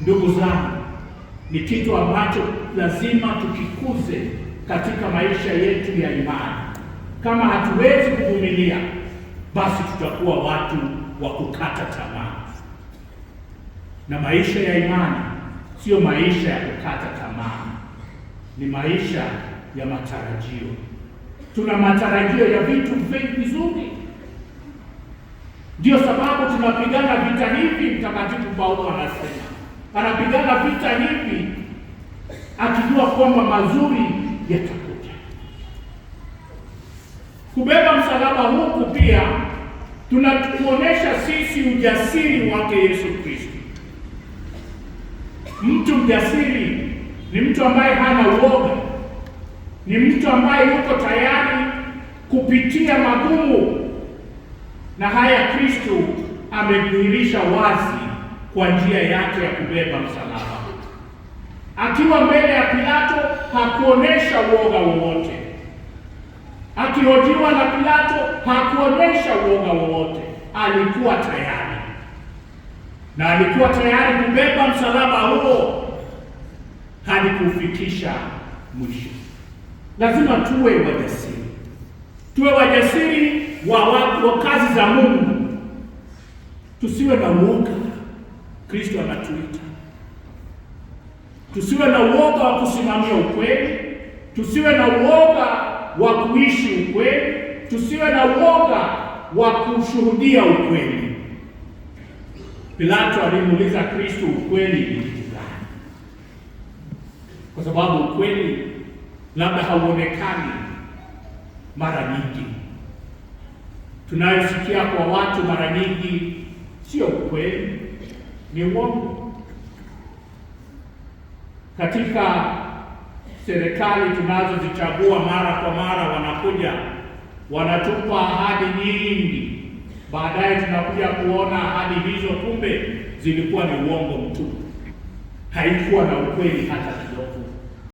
Ndugu zangu, ni kitu ambacho lazima tukikuze katika maisha yetu ya imani. Kama hatuwezi kuvumilia, basi tutakuwa watu wa kukata tamaa, na maisha ya imani sio maisha ya kukata tamaa, ni maisha ya matarajio. Tuna matarajio ya vitu vizuri, ndio sababu tunapigana vita hivi. Mtakatifu Paulo anasema anapigana vita hivi akijua kwamba mazuri yatakuja. Kubeba msalaba huku pia tunatuonyesha sisi ujasiri wake Yesu Kristo. Mtu mjasiri ni mtu ambaye hana uoga, ni mtu ambaye yuko tayari kupitia magumu, na haya Kristo amedhihirisha wazi kwa njia yake ya kubeba msalaba. Akiwa mbele ya Pilato hakuonesha uoga wowote. Akihojiwa na Pilato hakuonesha uoga wowote, alikuwa tayari, na alikuwa tayari kubeba msalaba huo hadi kufikisha mwisho. Lazima tuwe wajasiri, tuwe wajasiri wa, wa, wa kazi za Mungu, tusiwe na uoga. Kristo anatuita tusiwe na uoga wa kusimamia ukweli, tusiwe na uoga wa kuishi ukweli, tusiwe na uoga wa kushuhudia ukweli. Pilato alimuuliza Kristo ukweli ni kitu gani? Kwa sababu ukweli labda hauonekani mara nyingi, tunayosikia kwa watu mara nyingi sio ukweli ni uongo. Katika serikali tunazozichagua mara kwa mara, wanakuja wanatupa ahadi nyingi, baadaye tunakuja kuona ahadi hizo kumbe zilikuwa ni uongo mtupu, haikuwa na ukweli hata kidogo.